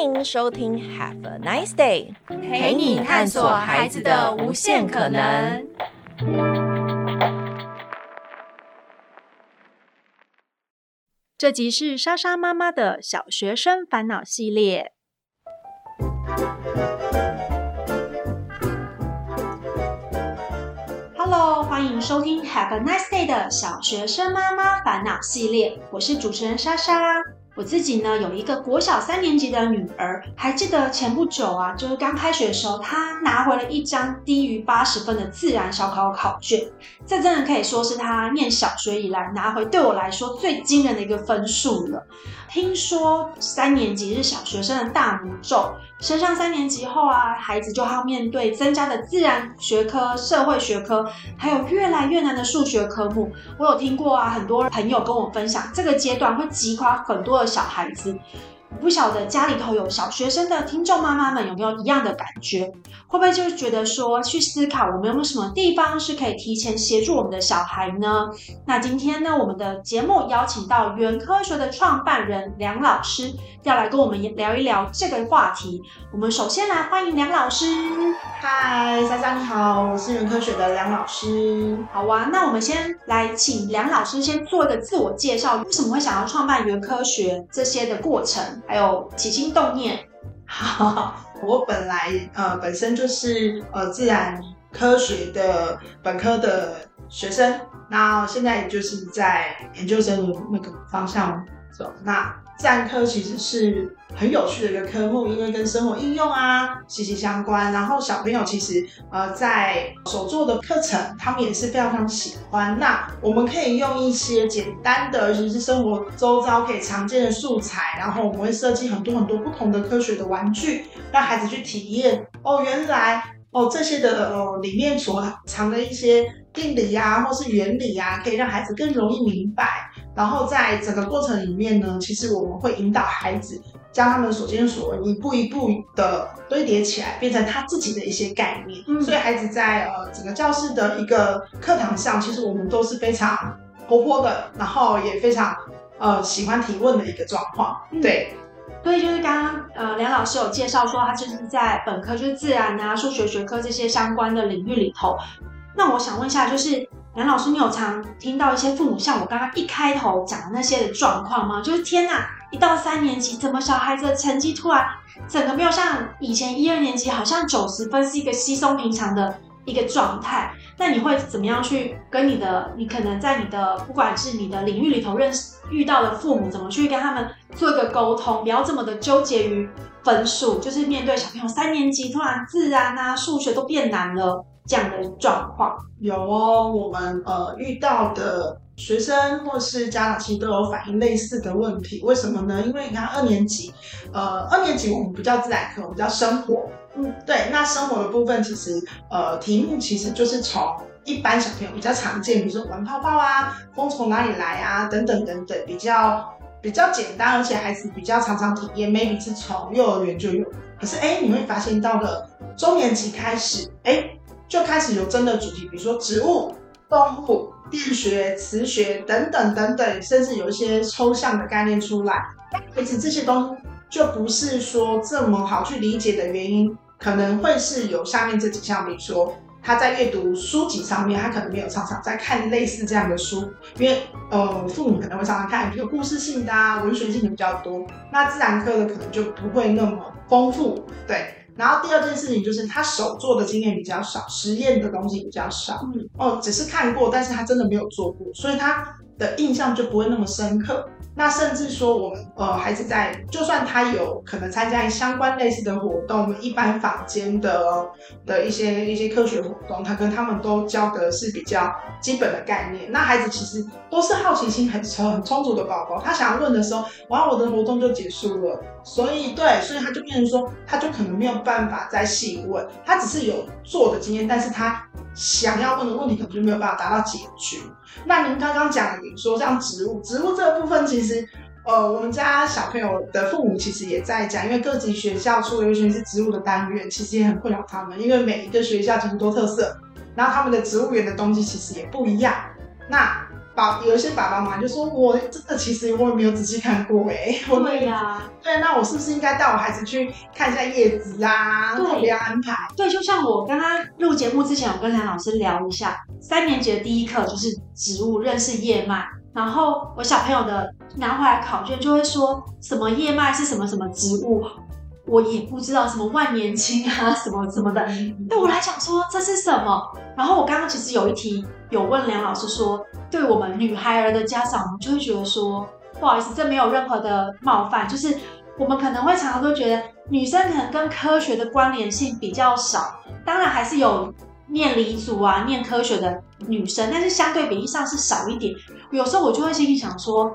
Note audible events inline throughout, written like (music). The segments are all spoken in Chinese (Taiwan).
歡迎收聽《Have a Nice Day》，陪你探索孩子的無限可能。這集是莎莎媽媽的小學生煩惱系列。Hello，歡迎收聽《Have a Nice Day》的小學生媽媽煩惱系列。我是主持人莎莎。我自己呢，有一個國小三年級的女兒，還記得前不久啊，就是剛開學的時候，她拿回了一張低於八十分的自然小考考卷，這真的可以說是她念小學以來拿回對我來說最驚人的一個分數了。聽說三年級是小學生的大魔咒。升上三年級後啊，孩子就要面對增加的自然學科、社會學科，還有越來越難的數學科目。我有聽過啊，很多朋友跟我分享，這個階段會擊垮很多的小孩子。不曉得家裡頭有小學生的聽眾媽媽們有沒有一樣的感覺？會不會就覺得說，去思考我們有沒有什麼地方是可以提前協助我們的小孩呢？那今天呢，我們的節目邀請到原科學的創辦人梁老師。要來跟我們聊一聊這個話題。我們首先來歡迎梁老師。嗨，莎莎你好，我是原科學的梁老師。好哇，啊，那我們先來請梁老師先做一個自我介紹。為什麼會想要創辦原科學，這些的過程，還有起心動念。好， (laughs) 我本來呃本身就是呃自然科學的本科的學生，那現在就是在研究生的那個方向走。那自然科其實是很有趣的一個科目，因為跟生活應用啊息息相關。然後小朋友其實呃在手作的課程，他們也是非常非常喜歡。那我們可以用一些簡單的，就是生活周遭可以常見的素材，然後我們會設計很多很多不同的科學的玩具，讓孩子去體驗。哦，原來哦這些的哦、呃、裡面所藏的一些。定理呀、啊，或是原理呀、啊，可以讓孩子更容易明白。然後在整個過程裡面呢，其實我們會引導孩子將他們所見所聞一步一步的堆疊起來，變成他自己的一些概念。嗯、所以孩子在呃整個教室的一個課堂上，其實我們都是非常活潑的，然後也非常呃喜歡提問的一個狀況、嗯。對，對，就是剛剛呃梁老師有介紹說，他就是在本科就是自然啊、數學學科這些相關的領域裡頭。那我想問一下，就是梁老師，你有常聽到一些父母像我剛剛一開頭講的那些的狀況嗎？就是天哪，一到三年級，怎麼小孩子的成績突然整個沒有像以前一二年級，好像九十分是一個稀鬆平常的一個狀態？那你會怎麼樣去跟你的，你可能在你的不管是你的領域裡頭認識遇到的父母，怎麼去跟他們做一個溝通，不要這麼的糾結於分數？就是面對小朋友三年級突然自然啊，數學都變難了。這樣的狀況有哦，我們呃遇到的學生或是家長其實都有反映類似的問題，為什麼呢？因為你看二年級，呃，二年級我們不叫自然課，我們叫生活。嗯，對，那生活的部分其實呃題目其實就是從一般小朋友比較常見，比如說玩泡泡啊，風從哪裡來啊，等等等等，比較比較簡單，而且孩子比較常常體驗，maybe 是從幼兒園就有。可是哎，你會發現到了中年級開始，哎。就開始有真的主題，比如說植物、動物、電學、磁學等等等等，甚至有一些抽象的概念出來。其實這些東西就不是說這麼好去理解的原因，可能會是有下面這幾項，比如說他在閱讀書籍上面，他可能沒有常常在看類似這樣的書，因為呃，父母可能會常常看比較故事性的啊，文學性的比較多，那自然科的可能就不會那麼豐富，對。然後第二件事情就是他手做的經驗比較少，實驗的東西比較少。嗯，哦，只是看過，但是他真的沒有做過，所以他的印象就不會那麼深刻。那甚至說我們呃，孩子在就算他有可能參加相關類似的活動，我們一般坊間的的一些一些科學活動，他跟他們都教的是比較基本的概念。那孩子其實都是好奇心很很充足的寶寶，他想要問的時候，哇，我的活動就結束了，所以對，所以他就變成說，他就可能沒有辦法再細問，他只是有做的經驗，但是他想要問的問題可能就沒有辦法達到解決。那您剛剛講說像植物，植物這個部分其實，呃，我們家小朋友的父母其實也在講，因為各級學校出尤其是植物的單元，其實也很困擾他們，因為每一個學校其實都特色，然後他們的植物園的東西其實也不一樣。那有一些爸爸媽媽就說：“我真的其實我也沒有仔細看過哎，欸。”對呀，啊，對，那我是不是應該帶我孩子去看一下葉子啊？對，特別安排。對，就像我剛剛錄節目之前，我跟梁老師聊一下，三年級的第一課就是植物認識葉脈。然後我小朋友的拿回來考卷就會說：“什麼葉脈是什麼什麼植物？”我也不知道什麼萬年青啊，什麼什麼的。嗯、對我來講說這是什麼？然後我剛剛其實有一題。有問梁老師說：“對我們女孩兒的家長，我們就會覺得說，不好意思，這沒有任何的冒犯，就是我們可能會常常都覺得女生可能跟科學的關聯性比較少。當然還是有念理組啊、念科學的女生，但是相對比例上是少一點。有時候我就會心裡想說，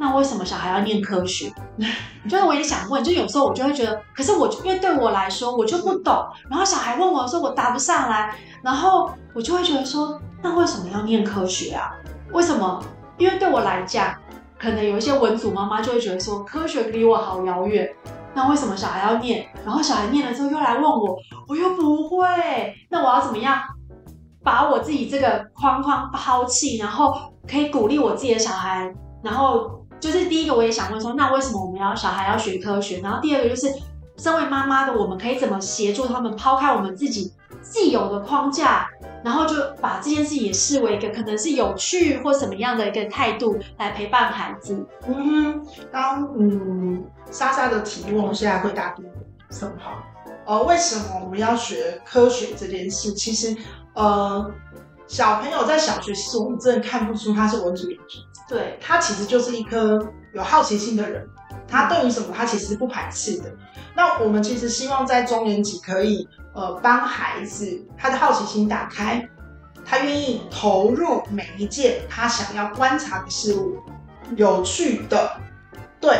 那為什麼小孩要念科學？就是我也想問，就有時候我就會覺得，可是我就因為對我來說我就不懂，然後小孩問我說我答不上來，然後我就會覺得說。”那為什麼要念科學啊？為什麼？因為對我來講，可能有一些文組媽媽就會覺得說，科學離我好遙遠。那為什麼小孩要念？然後小孩念了之後又來問我，我又不會，那我要怎麼樣把我自己這個框框拋棄？然後可以鼓勵我自己的小孩。然後就是第一個，我也想問說，那為什麼我們要小孩要學科學？然後第二個就是，身為媽媽的，我們可以怎麼協助他們拋開我們自己既有的框架？然後就把這件事也視為一個可能是有趣或什麼樣的一個態度來陪伴孩子。嗯哼，當嗯莎莎的提問，我們現在會答什麼好。呃，為什麼我們要學科學這件事？其實，呃，小朋友在小學時，我們真的看不出他是文組理組。對，他其實就是一顆有好奇心的人。他對於什麼，他其實不排斥的。那我們其實希望在中年級可以。呃，幫孩子，他的好奇心打開，他願意投入每一件他想要觀察的事物，有趣的。對，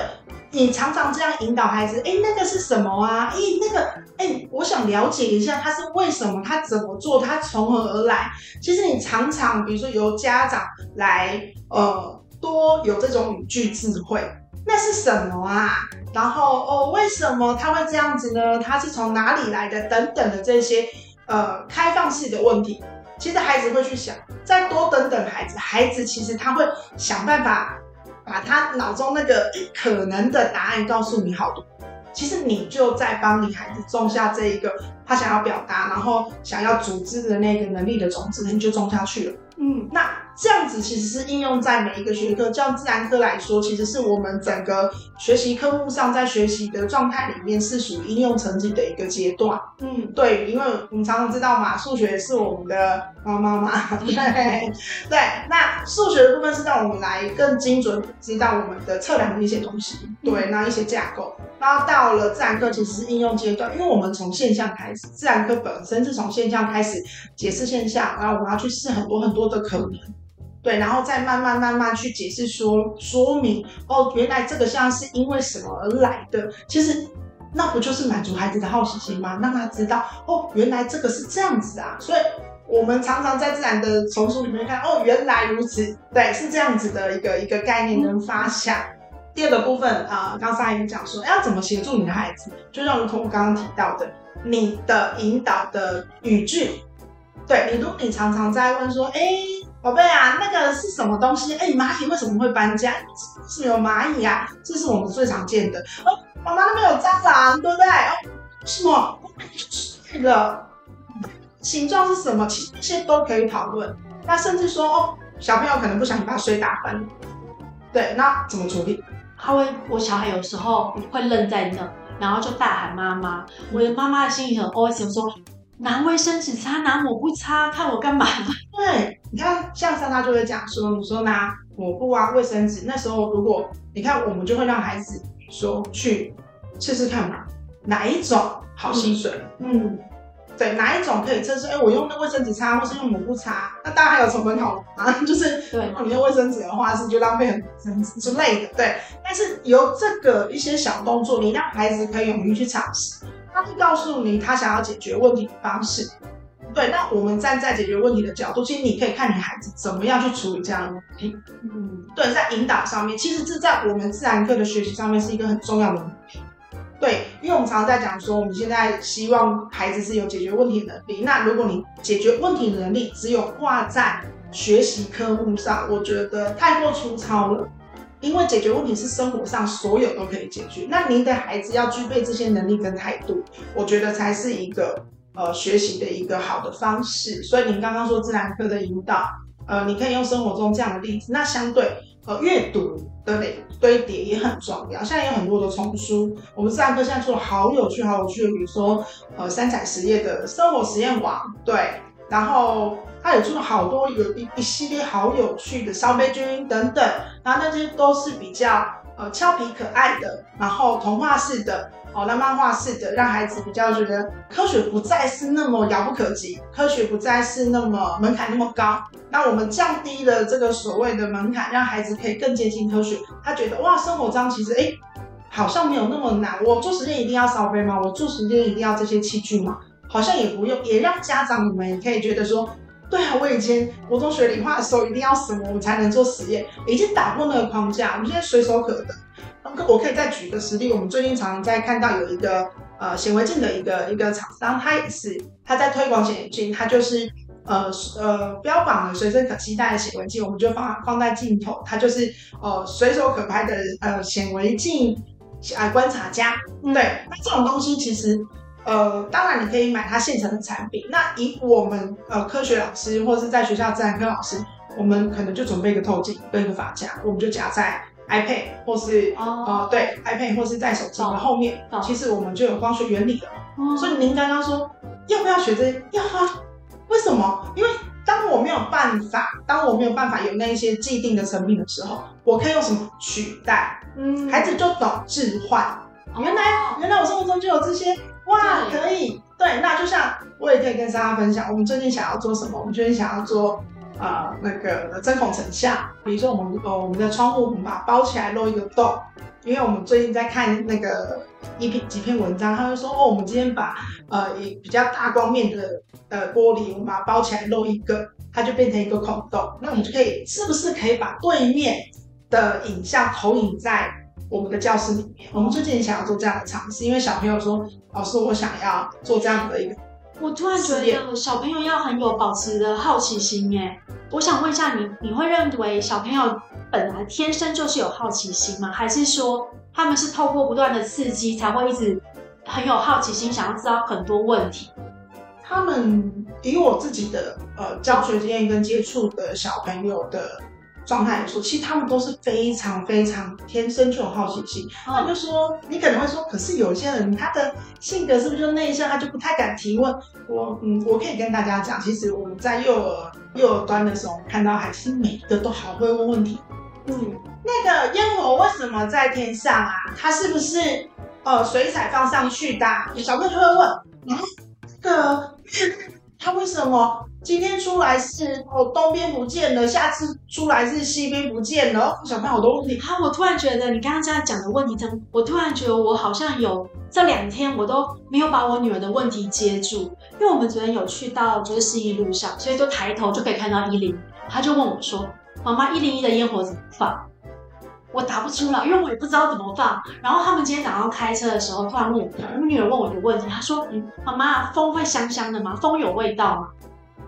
你常常這樣引導孩子，哎、欸，那個是什麼啊？哎、欸，那個，誒、欸，我想了解一下，他是為什麼？他怎麼做？他從何而來？其實你常常，比如說由家長來，呃，多有這種語句智慧。那是什麼啊？然後哦，為什麼他會這樣子呢？他是從哪裡來的？等等的這些，呃，開放式的問題，其實孩子會去想。再多等等孩子，孩子其實他會想辦法把他腦中那個可能的答案告訴你好多，其實你就在幫你孩子種下這一個他想要表達，然後想要組織的那個能力的種子，你就種下去了。嗯，那這樣子其實是應用在每一個學科，像、嗯、自然科來說，其實是我們整個學習科目上在學習的狀態裡面是屬於應用層級的一個階段。嗯，對，因為我們常常知道嘛，數學是我們的媽媽嘛，對、嗯、對，那數學的部分是讓我們來更精準知道我們的測量的一些東西，對，那、嗯、一些架構。然後到了自然科其實是應用階段，因為我們從現象開始，自然科本身是從現象開始解釋現象，然後我們要去試很多很多的可能，對，然後再慢慢慢慢去解釋說說明哦，原來這個現象是因為什麼而來的，其實那不就是滿足孩子的好奇心嗎？讓他知道哦，原來這個是這樣子啊，所以我們常常在自然的叢書裡面看哦，原來如此，對，是這樣子的一個一個概念跟發想。嗯第二個部分啊、呃，剛才也講說要怎麼協助你的孩子，就像我剛剛提到的，你的引導的語句，對你，如果你常常在問說，哎，寶貝啊，那個是什麼東西？哎，螞蟻為什麼會搬家？為什麼有螞蟻啊？這是我們最常見的。哦，媽媽那邊有蟑螂，對不對？哦，什嗎那個形狀是什麼？其實這些都可以討論。那甚至說，哦，小朋友可能不小心把水打翻了，對，那怎麼處理？他會，我小孩有時候會愣在那，然後就大喊媽媽。我的媽媽的心裡很惡，想說拿衛生紙擦，拿抹布擦，看我幹嘛？對，你看，像莎莎就會講說，你說拿抹布啊、衛生紙。那時候，如果你看，我們就會讓孩子說去試試看嘛，哪一種好吸水？嗯。嗯對，哪一種可以測試？哎、欸，我用那衛生紙擦，或是用抹布擦，那當然還有成本不同啊。就是，對，啊、你用衛生紙的話是就浪費很之類的，對。但是由這個一些小動作，你讓孩子可以勇於去嘗試，他就告訴你他想要解決問題的方式。對，那我們站在解決問題的角度，其實你可以看你孩子怎麼樣去處理這樣的問題。嗯，對，在引導上面，其實這在我們自然課的學習上面是一個很重要的問題。對，因為我們常常在講說，我們現在希望孩子是有解決問題的能力。那如果你解決問題的能力只有掛在學習科目上，我覺得太過粗糙了。因為解決問題是生活上所有都可以解決。那您的孩子要具備這些能力跟態度，我覺得才是一個呃學習的一個好的方式。所以您剛剛說自然科的引導，呃，你可以用生活中這樣的例子。那相對呃閱讀。堆疊也很重要，現在有很多的叢書，我們自然科現在出了好有趣、好有趣的，比如說呃三采實業的生活實驗王，對，然後他也出了好多有一個一系列好有趣的燒杯菌等等，然後那些都是比較呃俏皮可愛的，然後童話式的。哦，那漫畫式的讓孩子比較覺得科學不再是那麼遙不可及，科學不再是那麼門檻那麼高。那我們降低了這個所謂的門檻，讓孩子可以更接近科學。他覺得哇，生活當中其實哎、欸，好像沒有那麼難。我做實驗一定要燒杯嗎？我做實驗一定要這些器具嗎？好像也不用。也讓家長你們也可以覺得說，對啊，我以前國中學理化的時候一定要什麼我，我才能做實驗，已經打破那個框架，我們現在隨手可得。嗯、我可以再舉一個實例，我們最近常，常在看到有一個呃顯微鏡的一個一個廠商，他也是他在推廣顯微鏡，他就是呃呃標榜的隨身可攜帶的顯微鏡，我們就放放在鏡頭，它就是呃隨手可拍的呃顯微鏡，小觀察家、嗯，對，那這種東西其實呃當然你可以買它現成的產品，那以我們呃科學老師或是在學校自然科老師，我們可能就準備一個透鏡，備一個髮夾，我們就夾在。iPad 或是哦、oh. 呃，對，iPad 或是在手機的後面，oh. 其實我們就有光學原理了。Oh. 所以您剛剛說要不要學這些？要啊。為什麼？因為當我沒有辦法，當我沒有辦法有那一些既定的成品的時候，我可以用什麼取代？嗯、oh.，孩子就懂置換。Oh. 原來，原來我生活中就有這些。哇，oh. 可以。對，那就像我也可以跟大家分享，我們最近想要做什麼？我們最近想要做。啊、呃，那個針孔成像，比如說我們呃，我們的窗戶，我們把它包起來漏一個洞，因為我們最近在看那個一篇幾篇文章，他就說哦，我們今天把呃一比較大光面的呃玻璃，我們把它包起來漏一個，它就變成一個孔洞，那我們就可以是不是可以把對面的影像投影在我們的教室裡面？我們最近想要做這樣的嘗試，因為小朋友說老師，我想要做這樣的一個。我突然覺得小朋友要很有保持的好奇心，欸，我想問一下你，你會認為小朋友本來天生就是有好奇心嗎？還是說他們是透過不斷的刺激才會一直很有好奇心，想要知道很多問題？他們以我自己的呃教學經驗跟接觸的小朋友的。狀態有錯，其實他們都是非常非常天生就有好奇心。他們、嗯、就說，你可能會說，可是有些人他的性格是不是就內向，他就不太敢提問？我嗯，我可以跟大家講，其實我們在幼兒幼兒端的時候看到，還是每個都好會問問題。嗯，那個煙火為什麼在天上啊？它是不是呃水彩放上去的啊？有小朋友就會問，嗯，那、這個它為什麼？今天出來是哦東邊不見了，下次出來是西邊不見了。想問好多問題，哈，我突然覺得你剛剛這樣講的問題，真我突然覺得我好像有這兩天我都沒有把我女兒的問題接住，因為我們昨天有去到就是信義路上，所以就抬頭就可以看到一零，他就問我說，媽媽一零一的煙火怎麼放？我答不出來，因為我也不知道怎麼放。然後他們今天早上開車的時候，突然問我我女兒問我的問題，她說，嗯，媽媽風會香香的嗎？風有味道嗎？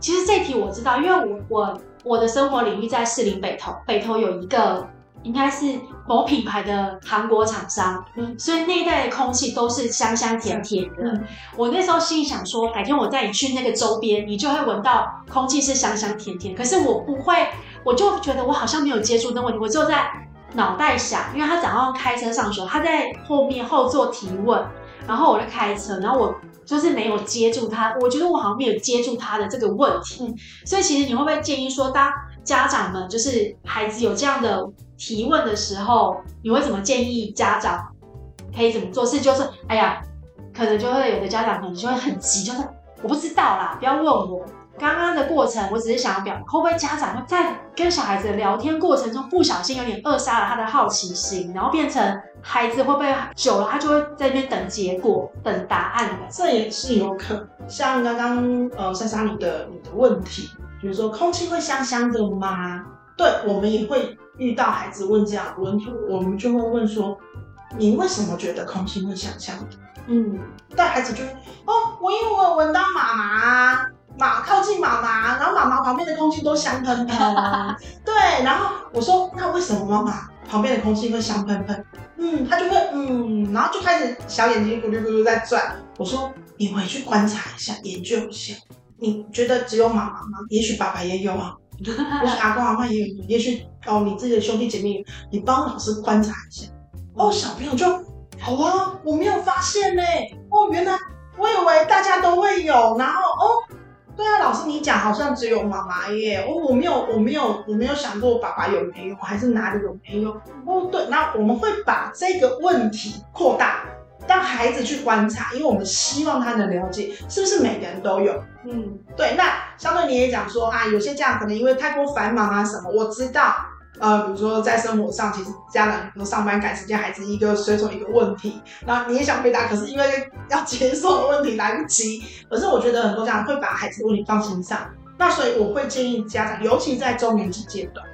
其實這題我知道，因為我我我的生活領域在士林北投，北投有一個應該是某品牌的韓國廠商、嗯，所以那一帶的空氣都是香香甜甜的、嗯。我那時候心裡想說，改天我帶你去那個周邊，你就會聞到空氣是香香甜甜。可是我不會，我就覺得我好像沒有接觸那問題，我就在腦袋想。因為他早上開車上的時候，他在後面後座提問，然後我就開車，然後我。就是沒有接住他，我覺得我好像沒有接住他的這個問題，所以其實你會不會建議說，當家長們就是孩子有這樣的提問的時候，你會怎麼建議家長可以怎麼做？是就是，哎呀，可能就會有的家長可能就會很急，就是我不知道啦，不要問我。剛剛的過程，我只是想要表，會不會家長會在跟小孩子聊天過程中不小心有點扼殺了他的好奇心，然後變成孩子會不會久了他就會在那邊等結果、等答案的？這也是有可，像剛剛呃莎莎你的你的問題，比如說空氣會香香的嗎？對，我們也會遇到孩子問這樣問題，我們就會問說，你為什麼覺得空氣會香香的？嗯，但孩子就會哦，我因為我有聞到媽媽馬靠近媽媽，然後媽媽旁邊的空氣都香噴噴。對，然後我說，那為什麼媽媽旁邊的空氣會香噴噴？嗯，他就會嗯，然後就開始小眼睛咕嚕咕嚕在轉。我說，你回去觀察一下，研究一下，你覺得只有媽媽嗎？也許爸爸也有啊，也許阿公阿嬤也有，也許哦，你自己的兄弟姐妹，你幫老師觀察一下。哦，小朋友就好啊，我沒有發現呢、欸。哦，原來我以為大家都會有，然後哦。對啊，老師你講好像只有媽媽耶，我、哦、我沒有我沒有我沒有想過我爸爸有沒有，還是哪裡有沒有？哦，對，那我們會把這個問題擴大，讓孩子去觀察，因為我們希望他能了解是不是每個人都有。嗯，對，那相對你也講說啊，有些家長可能因為太過繁忙啊什麼，我知道。呃，比如說在生活上，其實家長上班趕時間，孩子一個隨手一個問題，然後你也想回答，可是因為要接送的問題來不及。可是我覺得很多家長會把孩子的問題放心上，那所以我會建議家長，尤其在中年級階段，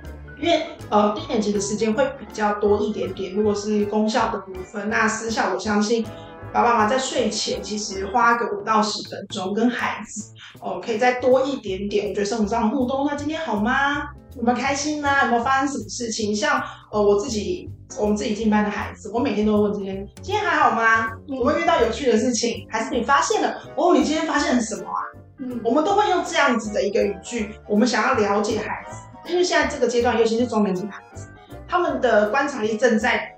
因為呃低年級的時間會比較多一點點。如果是公校的部分，那私校我相信爸爸媽媽在睡前其實花個五到十分鐘跟孩子哦、呃、可以再多一點點，我覺得生活上的互動，那今天好嗎？我們開心呢、啊？有沒有發生什麼事情？像呃，我自己，我們自己進班的孩子，我每天都會問這些：今天還好嗎？我們遇到有趣的事情？還是你發現了？哦，你今天發現了什麼啊？嗯，我們都會用這樣子的一個語句，我們想要了解孩子，因為現在這個階段，尤其是中年級孩子，他們的觀察力正在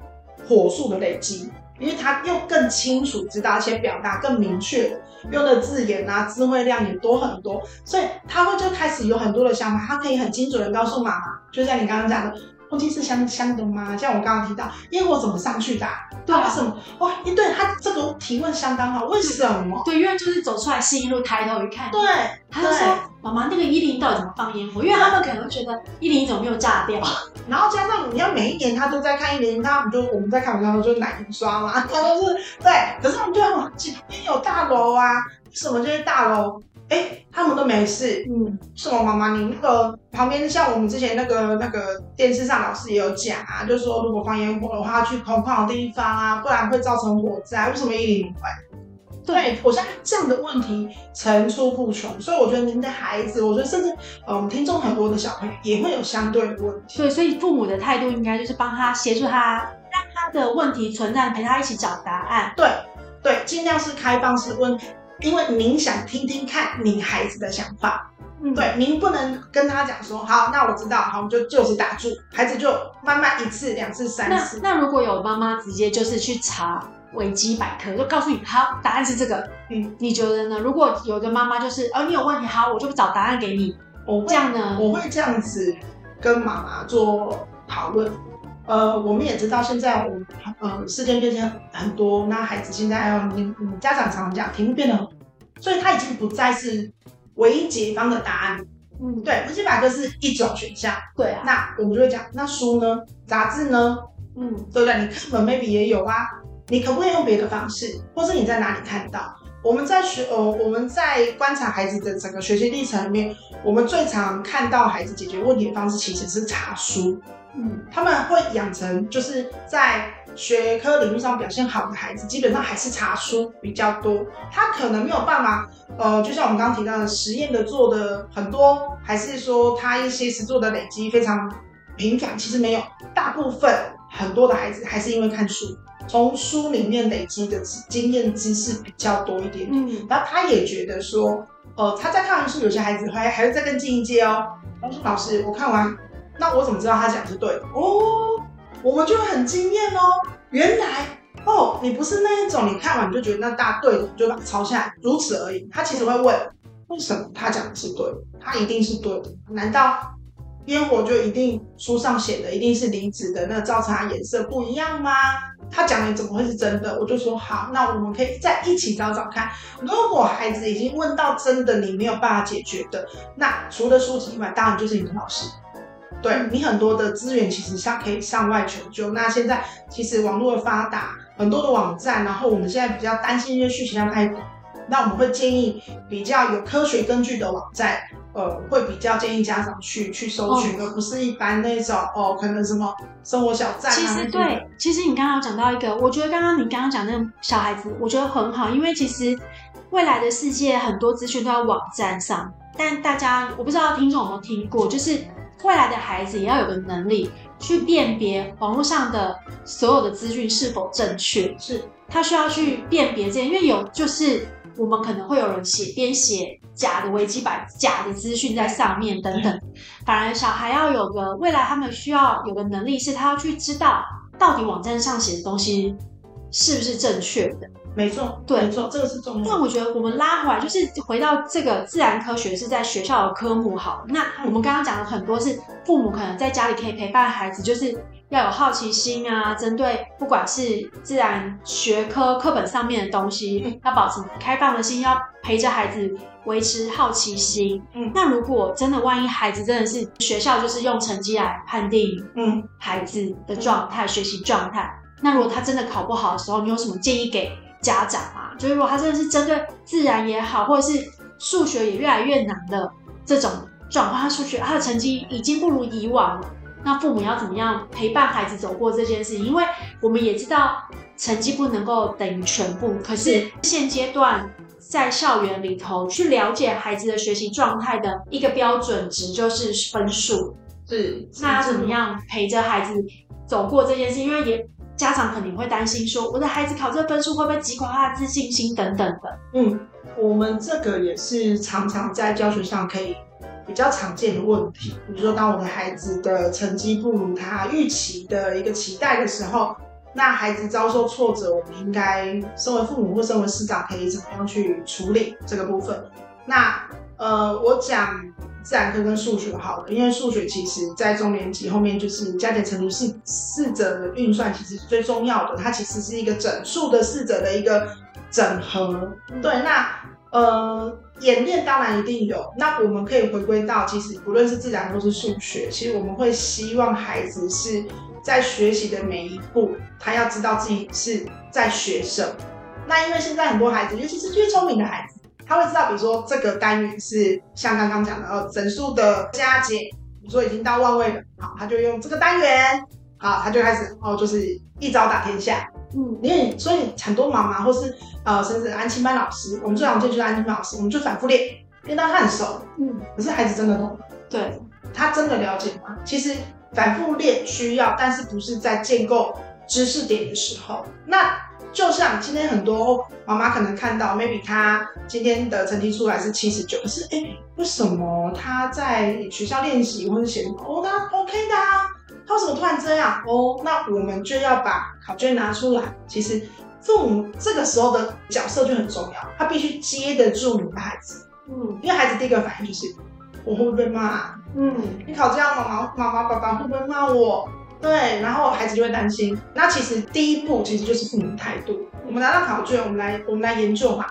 火速的累積。因為他又更清楚知道，而且表達更明確，用的字眼啊，詞彙量也多很多，所以他會就開始有很多的想法，他可以很精準的告訴媽媽，就像你剛剛講的，空氣是香香的嗎？像我剛剛提到，煙火怎麼上去的？對啊，他什麼？哇，一、欸、對，他這個提問相當好，為什麼？對，對因為就是走出來新一路，抬頭一看，對，他就說。對媽媽，那個一零到底怎麼放煙火？因為他們可能覺得一零怎麼沒有炸掉，啊，然後加上你要每一年他都在看一零，他不就我們在開玩笑說就是奶瓶刷嘛，啊。他都是對，可是我們就很好奇，旁邊有大樓啊，什麼就是大樓，哎，欸，他們都沒事，嗯。什麼媽媽，你那個旁邊像我們之前那個那個電視上老師也有講啊，就是說如果放煙火的話，去空曠的地方啊，不然會造成火災，為什麼一零不會？對，我想，在這樣的問題層出不窮，所以我覺得您的孩子，我覺得甚至我們、嗯、聽眾很多的小朋友也會有相對的問題。對，所以父母的態度應該就是幫他協助他，讓他的問題存在，陪他一起找答案。對對，盡量是開放式問，因為您想聽聽看你孩子的想法。嗯，對，您不能跟他講說，好，那我知道，好，我們就就此打住。孩子就慢慢一次、兩次、三次。那那如果有媽媽直接就是去查？維基百科就告訴你，好，答案是這個。嗯，你覺得呢？如果有的媽媽就是，哦，你有問題，好，我就不找答案給你。我會這樣呢？我會這樣子跟媽媽做討論。呃，我們也知道現在我們，嗯、呃，事件變遷很多，那孩子現在要，你你家長常講，題目變得很，所以他已經不再是唯一解方的答案。嗯，對，維基百科是一種選項。對啊。那我們就會講，那書呢？雜誌呢？嗯，對不對？你課本 maybe 也有啊。你可不可以用別的方式，或是你在哪裡看到？我們在學，呃、哦，我們在觀察孩子的整個學習歷程裡面，我們最常看到孩子解決問題的方式其實是查書。嗯，他們會養成就是在學科領域上表現好的孩子，基本上還是查書比較多。他可能沒有辦法，呃，就像我們剛剛提到的實驗的做的很多，還是說他一些實作的累積非常頻繁，其實沒有，大部分很多的孩子還是因為看書。從書裡面累積的經驗知識比較多一點，然後他也覺得說、呃，他在看完書，有些孩子還還再更進一階，哦，他說老師，我看完，那我怎麼知道他講是對的哦？我們就很驚艷哦，原來哦，你不是那一種，你看完就覺得那大對的，就把它抄下來，如此而已。他其實會問，為什麼他講的是對的？他一定是對的，難道煙火就一定書上寫的一定是離子的那個造成它顏色不一樣嗎？他講的怎麼會是真的？我就說好，那我們可以再一起找找看。如果孩子已經問到真的你沒有辦法解決的，那除了書籍以外，當然就是你們老師。對、嗯、你很多的資源其實像可以向外求救。那現在其實網絡的發達，很多的網站，然後我們現在比較擔心一些事情的太多，那我們會建議比較有科學根據的網站。呃，會比較建議家長去去收取，而、哦、不是一般那種哦，可能什麼生活小站啊，其實，對，其實你剛剛有講到一個，我覺得剛剛你剛剛講的那個小孩子，我覺得很好，因為其實未來的世界很多資訊都在網站上，但大家我不知道聽眾有沒有聽過，就是未來的孩子也要有個能力去辨別網絡上的所有的資訊是否正確，是他需要去辨別這些，因為有就是。我們可能會有人寫編寫假的維基百，假的資訊在上面等等，反而小孩要有個未來，他們需要有個能力，是他要去知道到底網站上寫的東西是不是正確的。沒錯，對，沒錯，這個是重要的。那我覺得我們拉回來，就是回到這個自然科學是在學校的科目。好，那我們剛剛講了很多是父母可能在家裡可以陪伴孩子，就是要有好奇心啊。針對不管是自然學科課本上面的東西，嗯，要保持開放的心，要陪着孩子維持好奇心。嗯，那如果真的萬一孩子真的是學校就是用成績來判定，嗯，孩子的狀態、學習狀態。那如果他真的考不好的時候，你有什麼建議給？家長啊，就是如果他真的是針對自然也好，或者是數學也越來越難的這種轉化數學，啊，他的成績已經不如以往了，那父母要怎麼樣陪伴孩子走過這件事情？因為我們也知道成績不能夠等於全部，可是現階段在校園裡頭去了解孩子的學習狀態的一個標準值就是分數，是，是，那怎麼樣陪着孩子走過這件事？因為也。家長肯定會擔心說，說我的孩子考這分數會不會擊垮他的自信心等等的。嗯，我們這個也是常常在教學上可以比較常見的問題。比如說，當我的孩子的成績不如他預期的一個期待的時候，那孩子遭受挫折，我們應該身為父母或身為師長，可以怎麼樣去處理這個部分？那呃，我講自然科跟數學好了，因為數學其實，在中年級後面就是加減乘除四四則的運算，其實最重要的，它其實是一個整數的四則的一個整合。對，那呃，演練當然一定有。那我們可以回歸到，其實不論是自然或是數學，其實我們會希望孩子是在學習的每一步，他要知道自己是在學什麼。那因為現在很多孩子，尤其是最聰明的孩子。他會知道，比如說這個單元是像剛剛講的，哦、呃、整數的加減，比如說已經到萬位了，好，他就用這個單元，好，他就開始，哦、呃，就是一招打天下，嗯，因為所以很多媽媽或是呃，甚至安親班老師，我們最常見就是安親班老師，我們就反覆練，練到他很熟，嗯，可是孩子真的懂，對，他真的了解嗎？其實反覆練需要，但是不是在建構知識點的時候，那。就像今天很多媽媽、哦、可能看到，maybe 她今天的成績出來是七十九，可是哎、欸，為什麼她在學校練習或者寫，哦那 okay 的、啊，他為什麼突然這樣？哦，那我們就要把考卷拿出來。其實，父母這個時候的角色就很重要，他必須接得住你的孩子。嗯，因為孩子第一個反應就是，嗯、我會不會被罵。嗯，你考這樣了，媽媽、爸爸會不會罵我？對，然後孩子就會擔心。那其實第一步其實就是父母態度。我們拿到考卷，我們來我們來研究嘛，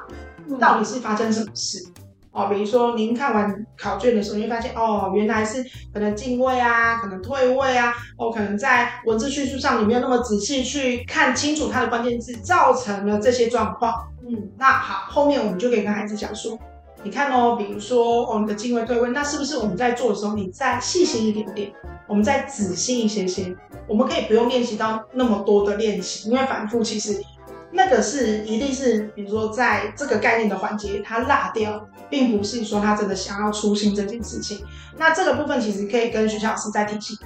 到底是發生什麼事、嗯、哦？比如說您看完考卷的時候，你會發現哦，原來是可能進位啊，可能退位啊，哦，可能在文字敘述上你沒有那麼仔細去看清楚它的關鍵字，造成了這些狀況。嗯，那好，後面我們就可以跟孩子講說。你看哦，比如說我們、哦、的進位退位，那是不是我們在做的時候，你再細心一點點，我們再仔細一些些，我們可以不用練習到那麼多的練習，因為反復其實那個是一定是，比如說在這個概念的環節，他落掉，並不是說他真的想要粗心這件事情。那這個部分其實可以跟學校老師再提醒，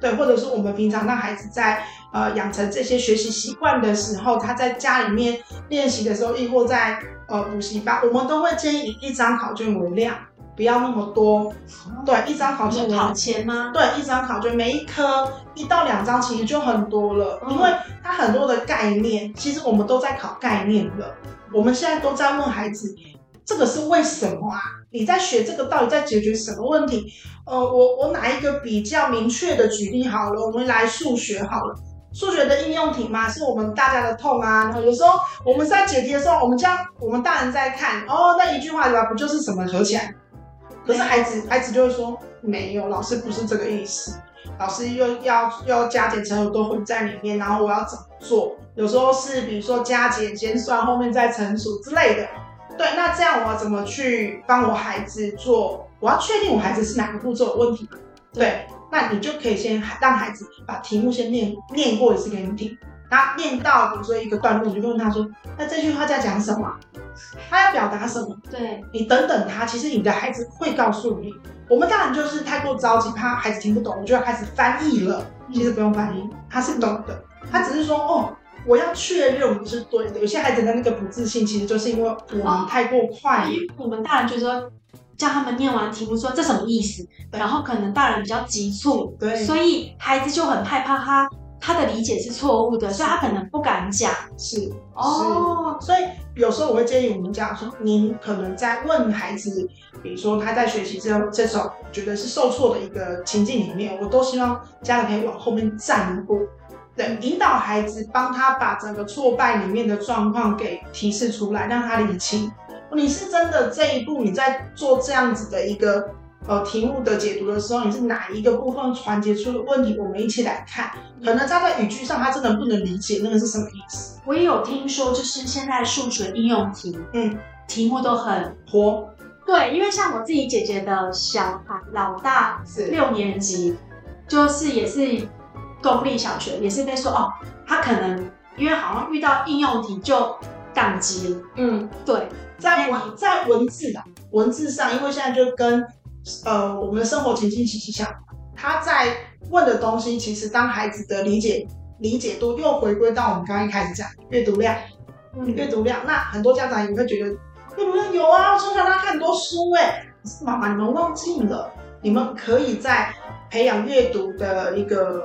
對，或者是我們平常讓孩子在呃養成這些學習習慣的時候，他在家裡面練習的時候，亦或在。呃，補習班我們都會建議一張考卷為量，不要那麼多。嗯、對，一張考卷你。考前嗎？對，一張考卷，每一科一到兩張其實就很多了、嗯，因為它很多的概念，其實我們都在考概念的。我們現在都在問孩子，這個是為什麼啊？你在學這個到底在解決什麼問題？呃，我我拿一個比較明確的舉例好了？我們來數學好了。數學的應用題嘛，是我們大家的痛啊。然後有時候我們在解題的時候，我們這樣，我們大人在看，哦，那一句話對吧，不就是什麼合起來？可是孩子，孩子就會說沒有，老師不是這個意思。老師又要又要加減乘除都混在裡面，然後我要怎麼做？有時候是比如說加減先算，後面再乘除之類的。對，那這樣我要怎麼去幫我孩子做？我要確定我孩子是哪個步驟有問題嗎？對。那你就可以先讓孩子把題目先念念過一次給你聽，那念到比如說一個段落，你就問他說：“那這句話在講什麼？他要表達什麼？”對，你等等他，其實你的孩子會告訴你。我們大人就是太過着急，怕孩子聽不懂，我就要開始翻譯了、嗯。其實不用翻譯，他是懂的，他只是說：“哦，我要確認你是對的。”有些孩子的那個不自信，其實就是因為我們太過快、哦嗯，我們大人覺得。教他們念完題目說這是什麼意思，然後可能大人比較急促，對，所以孩子就很害怕他，他他的理解是錯誤的，所以他可能不敢講，是哦，是，所以有時候我會建議我們講說，您可能在問孩子，比如說他在學習這樣這種覺得是受挫的一個情境裡面，我都希望家長可以往後面站一步，對，引導孩子幫他把整個挫敗裡面的狀況給提示出來，讓他理清。你是真的這一步你在做這樣子的一個呃題目的解讀的時候，你是哪一個部分傳接出了問題？我們一起來看。可能站在語句上，他真的不能理解那個是什麼意思。我也有聽說，就是現在數學應用題，嗯，題目都很活。對，因為像我自己姐姐的小孩老大是六年級，就是也是公立小學，也是在說哦，他可能因為好像遇到應用題就宕機了。嗯，對。在文在文字的，文字上，因為現在就跟呃我們的生活情境息息相關。他在問的東西，其實當孩子的理解理解度又回歸到我們剛剛一開始講閱讀量，嗯，閱讀量。那很多家長也會覺得閱讀量有啊，從小他看很多書哎、欸。媽媽，你們忘記了，你們可以在培養閱讀的一個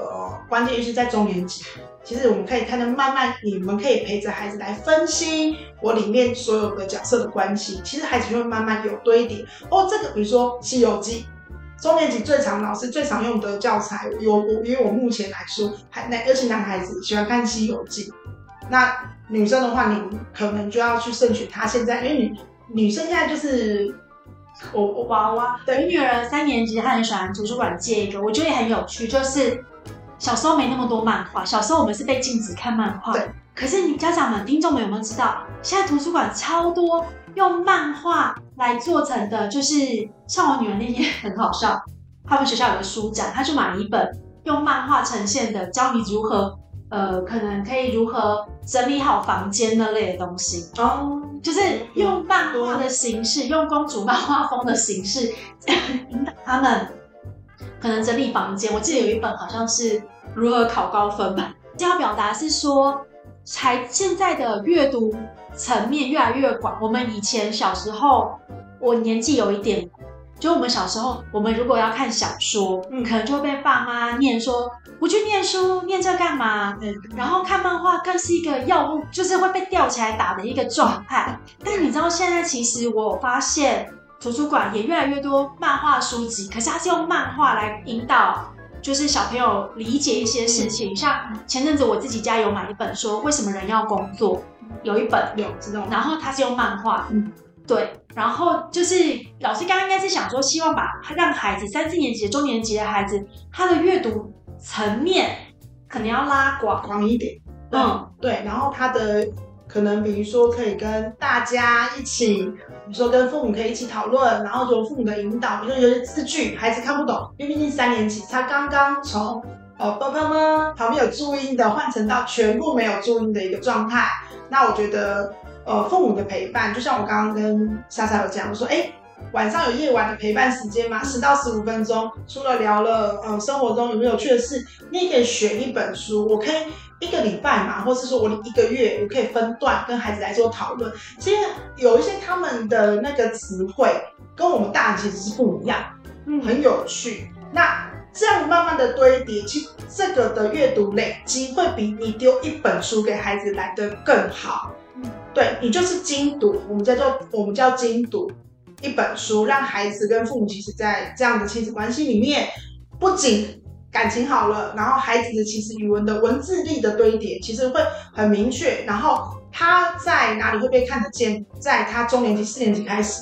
關鍵、就是在中年級。其實我們可以看的慢慢，你們可以陪着孩子來分析我裡面所有的角色的關係。其實孩子就會慢慢有堆疊哦。這個比如說《西遊記》，中年級最常老師最常用的教材。我我因為我目前來說，還男尤其男孩子喜歡看《西遊記》，那女生的話，你可能就要去勝取她現在，因為女女生現在就是我我娃娃，等於女兒三年級，她很喜歡圖書館借一個，我覺得也很有趣，就是。小時候沒那麼多漫畫，小時候我們是被禁止看漫畫。對。可是你家長們、聽眾們有沒有知道，現在圖書館超多用漫畫來做成的，就是像我女兒那天很好笑。他們學校有個書展，他就買了一本用漫畫呈現的，教你如何呃，可能可以如何整理好房間那類的東西。哦、oh。就是用漫畫的形式，用公主漫畫風的形式引導 (laughs) 他們。可能整理房間，我記得有一本好像是如何考高分吧。這要表達是說，才現在的閱讀層面越來越廣。我們以前小時候，我年紀有一點，就我們小時候，我們如果要看小說，嗯，可能就會被爸媽念說不去念書，念這幹嘛？嗯，然後看漫畫更是一個藥物，就是會被吊起來打的一個狀態。但你知道現在，其實我有發現。圖書館也越來越多漫畫書籍，可是他是用漫畫來引導，就是小朋友理解一些事情。嗯、像前陣子我自己家有買一本，說為什麼人要工作，有一本有知道，然後他是用漫畫、嗯，對，然後就是老師剛剛應該是想說，希望把讓孩子三四年級、中年級的孩子，他的閱讀層面可能要拉廣廣一點，嗯，對，然後他的。可能比如說可以跟大家一起，比如說跟父母可以一起討論，然後做父母的引導，比如有些字句孩子看不懂，因為畢竟三年級他剛剛從呃爸爸媽媽旁邊有注音的換成到全部沒有注音的一個狀態，那我覺得呃父母的陪伴，就像我剛剛跟莎莎有講，我說哎晚上有夜晚的陪伴時間嗎？十到十五分鐘，除了聊了嗯、呃、生活中有沒有趣的事，你也可以選一本書，我可以。一個禮拜嘛，或是說我一個月，我可以分段跟孩子來做討論。其實有一些他們的那個詞彙跟我們大人其實是不一樣，嗯，很有趣。那這樣慢慢的堆疊，其實這個的閱讀累積會比你丟一本書給孩子來得更好。嗯，對，你就是精讀，我們叫做我們叫精讀一本書，讓孩子跟父母其實在這樣的親子關係裡面，不僅感情好了，然後孩子的其實語文的文字力的堆疊其實會很明確，然後他在哪裡會被看得見，在他中年級、四年級開始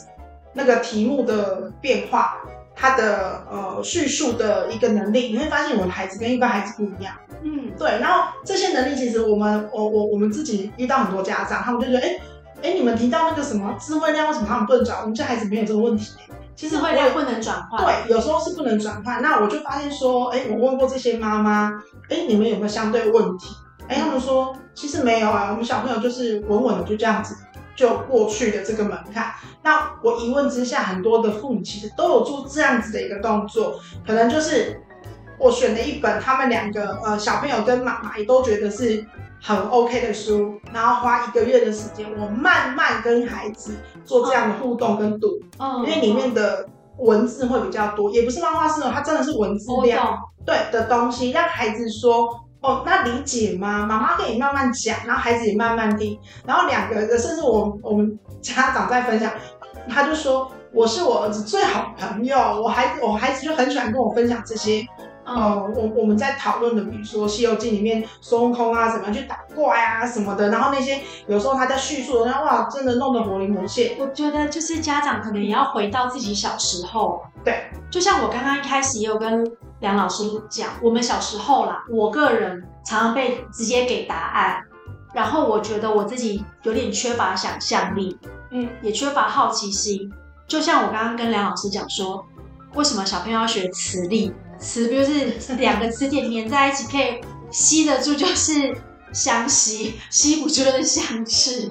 那個題目的變化，他的呃敘述的一個能力，你會發現我的孩子跟一般孩子不一樣。嗯，對。然後這些能力其實我們我我我們自己遇到很多家長，他們就覺得哎哎，你們提到那個什麼詞彙量為什麼他們不能找，我們家孩子沒有這個問題、欸。其實會，來不能轉換，嗯，對，有時候是不能轉換。那我就發現說，哎、欸，我問過這些媽媽，哎、欸，你們有沒有相對問題？哎、欸，他們說其實沒有啊，我們小朋友就是穩穩的就這樣子就過去的這個門檻。那我一問之下，很多的父母其實都有做這樣子的一個動作，可能就是我選了一本，他們兩個呃小朋友跟媽媽也都覺得是。很 OK 的書，然後花一個月的時間，我慢慢跟孩子做這樣的互動跟讀，oh, 因為裡面的文字會比較多，也不是漫畫那種，它真的是文字量、oh, yeah. 對的東西，讓孩子說哦，那理解嗎？媽媽可以慢慢講，然後孩子也慢慢聽，然後兩個人甚至我我們家長在分享，他就說我是我兒子最好朋友，我孩子我孩子就很喜歡跟我分享這些。哦、oh. uh,，我我們在討論的，比如說《西遊記》裡面孫悟空啊什，怎麼樣去打怪啊什麼的，然後那些有時候他在敘述，人家哇，真的弄得活靈活現。我覺得就是家長可能也要回到自己小時候，對、嗯，就像我剛剛一開始也有跟梁老師講，我們小時候啦，我個人常常被直接給答案，然後我覺得我自己有點缺乏想象力，嗯，也缺乏好奇心。就像我剛剛跟梁老師講說，為什麼小朋友要學磁力？詞，比如是兩個磁鐵粘在一起，可以吸得住就是相吸，吸不住就是相斥。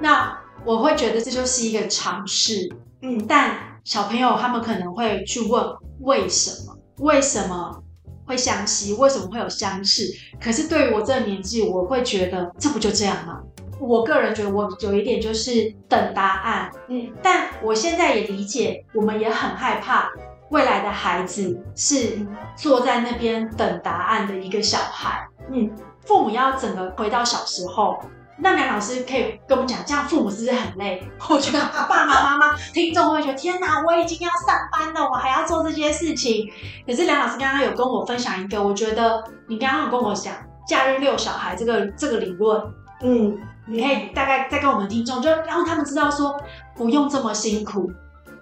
那我會覺得這就是一個嘗試，嗯。但小朋友他們可能會去問為什麼，為什麼會相吸，為什麼會有相斥？可是對於我這個年紀，我會覺得這不就這樣嗎？我個人覺得我有一點就是等答案，嗯。但我現在也理解，我們也很害怕。未來的孩子是坐在那邊等答案的一個小孩。嗯，父母要整個回到小時候。那梁老師可以跟我們講，這樣父母是不是很累？我覺得爸爸媽媽，媽，聽眾會覺得天哪，我已經要上班了，我還要做這些事情。可是梁老師剛剛有跟我分享一個，我覺得你剛剛有跟我講“假日遛小孩”這個這個理論。嗯，你可以大概再跟我們聽眾，就讓他們知道說，不用這麼辛苦。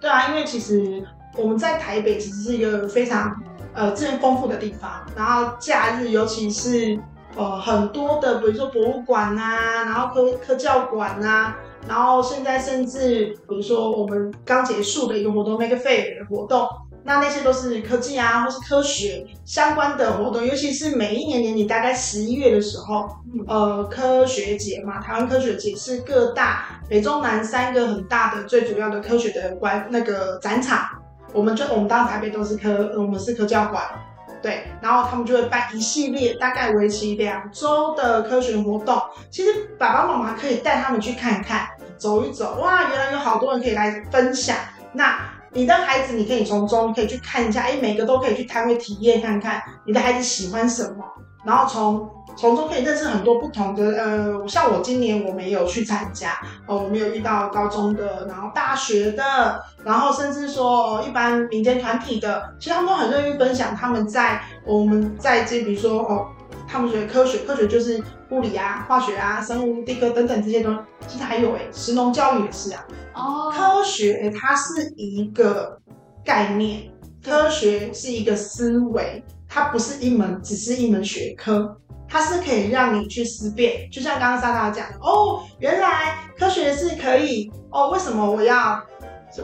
對啊，因為其實。我們在台北其實是一個非常，呃，資源豐富的地方。然後假日，尤其是呃，很多的，比如說博物館啊，然後科科教館啊，然後現在甚至比如說我們剛結束的一個活動 “Make a Fair” 活動，那那些都是科技啊或是科學相關的活動。尤其是每一年年底大概十一月的時候，嗯，呃，科學節嘛，台灣科學節是各大北中南三個很大的最主要的科學的館那個展場。我們就我們當台北都是科，我們是科教館，對，然後他們就會辦一系列，大概維持兩周的科學活動。其實爸爸媽媽可以帶他們去看看，走一走，哇，原來有好多人可以來分享。那你的孩子，你可以從中可以去看一下，因、欸、每個都可以去攤位體驗看看，你的孩子喜歡什麼，然後從。從中可以認識很多不同的，呃，像我今年我沒有去參加，哦，我沒有遇到高中的，然後大學的，然後甚至說、哦、一般民間團體的，其實他們都很願意分享他們在、哦、我們在這，比如說哦，他們學科學，科學就是物理啊、化學啊、生物、地科等等這些都，其實還有誒，食農教育也是啊。哦、oh.。科學，它是一個概念，科學是一個思維，它不是一門，只是一門學科。它是可以讓你去思辨，就像剛剛莎莎講，哦，原來科學是可以，哦，為什麼我要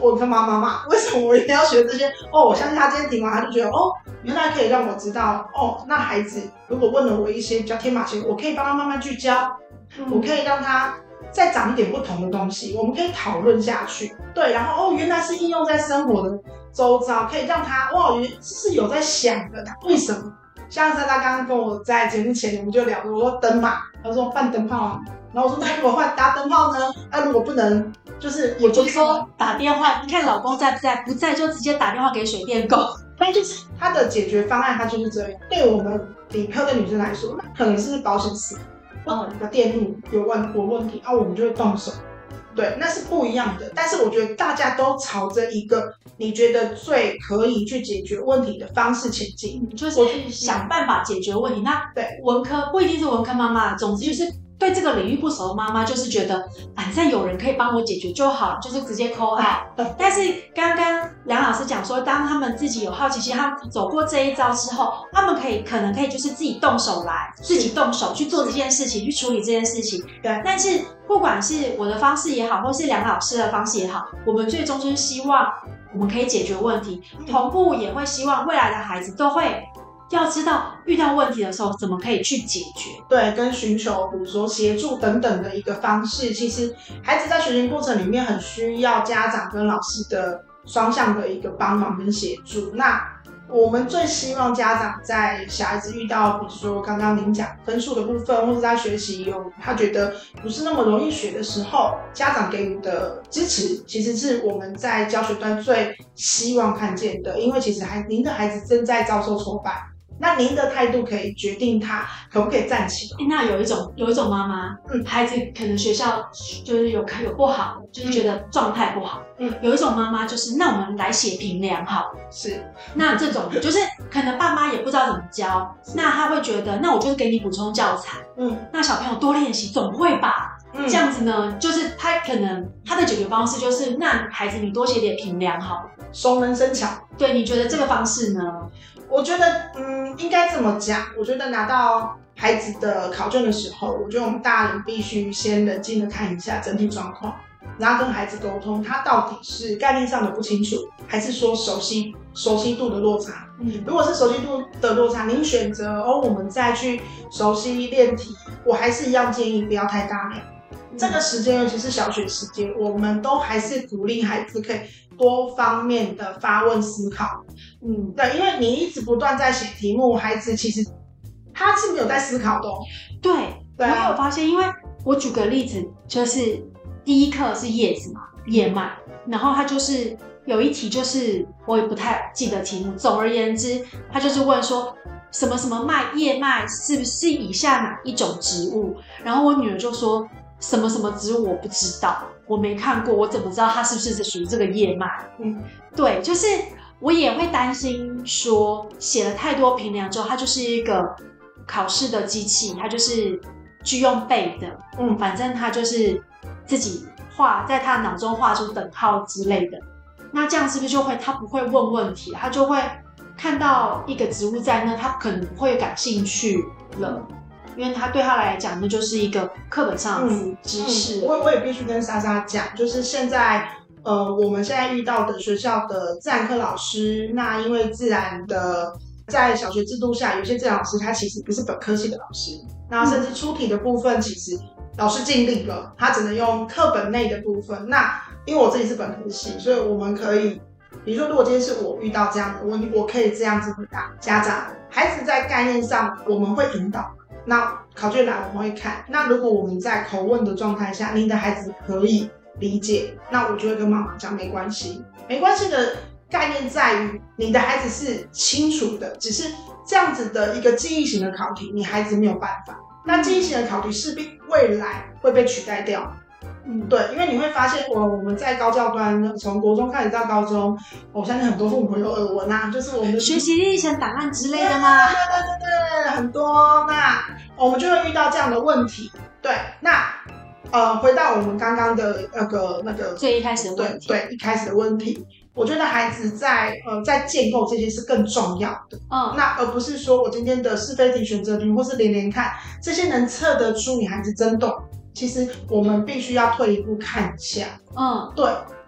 我跟媽媽問，為什麼我一定要學這些？哦，我相信他今天聽完他就覺得，哦，原來可以讓我知道，哦，那孩子如果問了我一些比較天馬行空，我可以幫他慢慢聚焦，嗯，我可以讓他再長一點不同的東西，我們可以討論下去，對，然後哦，原來是應用在生活的周遭，可以讓他哇，原來是有在想的，他為什麼？像莎莎剛剛跟我在節目前我們就聊，我說燈嘛，他說換燈泡啊，然後我說那如果換搭燈泡呢？那、啊、如果不能，就是也就我就說打電話，看老公在不在，不在就直接打電話給水電工。是他的解決方案，他就是這樣。對我們理科的女生來說，那可能是保險絲或者電路有問有問題，然、啊、我們就會動手。對，那是不一樣的。但是我覺得大家都朝着一個你覺得最可以去解決問題的方式前進，就是想辦法解決問題。嗯，那對文科不一定是文科媽媽，總之就是。對這個領域不熟的媽媽，就是覺得反正、啊、有人可以幫我解決就好，就是直接 call。對。但是剛剛梁老師講說，當他們自己有好奇心，他走過這一招之後，他們可以可能可以就是自己動手來，自己動手去做這件事情，去處理這件事情。對。但是不管是我的方式也好，或是梁老師的方式也好，我們最終就是希望我們可以解決問題，嗯、同步也會希望未來的孩子都會。要知道遇到問題的時候怎麼可以去解決，對，跟尋求，比如說協助等等的一個方式。其實孩子在學習過程裡面很需要家長跟老師的雙向的一個幫忙跟協助。那我們最希望家長在小孩子遇到，比如說剛剛您講分數的部分，或者在學習有，他覺得不是那麼容易學的時候，家長給予的支持，其實是我們在教學端最希望看見的。因為其實還，您的孩子正在遭受挫敗。那您的態度可以決定他可不可以站起來。啊。那有一種，有一種媽媽，嗯，孩子可能學校就是有有不好，就是覺得狀態不好，嗯，有一種媽媽就是，那我們來寫評量好了，是。那這種就是可能爸媽也不知道怎麼教，那他會覺得，那我就是給你補充教材，嗯，那小朋友多練習總會吧，嗯，這樣子呢，就是他可能他的解決方式就是，那孩子你多寫點評量好了，熟能生巧。對，你覺得這個方式呢？我覺得，嗯，應該這麼講。我覺得拿到孩子的考卷的時候，我覺得我們大人必須先冷靜的看一下整體狀況，然後跟孩子溝通，他到底是概念上的不清楚，還是說熟悉熟悉度的落差。嗯，如果是熟悉度的落差，你選擇，哦，我們再去熟悉練題，我還是一樣建議不要太大量，嗯。這個時間，尤其是小學時間，我們都還是鼓勵孩子可以。多方面的發問思考，嗯，對，因為你一直不斷在寫題目，孩子其實他是沒有在思考的哦。對，對啊，我有發現，因為我舉個例子，就是第一課是葉子嘛，葉脈，嗯，然後他就是有一題，就是我也不太記得題目。總而言之，他就是問說，什麼什麼脈葉脈是不是以下哪一種植物？然後我女兒就說什麼什麼植物我不知道。我沒看過，我怎麼知道它是不是屬於這個葉脈？嗯，對，就是我也會擔心說，寫了太多評量之後，它就是一個考試的機器，它就是去用背的。嗯，反正它就是自己畫，在他腦中畫出等號之類的。那這樣是不是就會，他不會問問題，他就會看到一個植物在那，他可能不會感興趣了。嗯因為他對他來講，那就是一個課本上的知識。我、嗯嗯、我也必須跟莎莎講，就是現在，呃，我們現在遇到的學校的自然課老師，那因為自然的在小學制度下，有些自然老師他其實不是本科系的老師，那甚至出題的部分，其實老師盡力了、嗯，他只能用課本內的部分。那因為我自己是本科系，所以我們可以，比如說，如果今天是我遇到這樣的問題，我可以這樣子回答家長：孩子在概念上，我們會引導。那考卷來我們會看。那如果我們在口問的狀態下，您的孩子可以理解，那我就會跟媽媽講沒關係。沒關係的概念在於，你的孩子是清楚的，只是這樣子的一個記憶型的考題，你孩子沒有辦法。那記憶型的考題勢必未來會被取代掉。嗯，對，因為你會發現，我我們在高教端，從國中開始到高中，我相信很多父母會有耳聞啊、嗯，就是我們的學習歷程檔案之類的啊，對對對對，很多。那、哦、我們就會遇到這樣的問題，對。那呃，回到我們剛剛的那個那個最一開始的問題，對，對一開始的問題，我覺得孩子在呃在建構這些是更重要的，嗯，那而不是說我今天的是非題、選擇題或是連連看，這些能測得出你孩子真懂。其實我們必須要退一步看一下，嗯，對，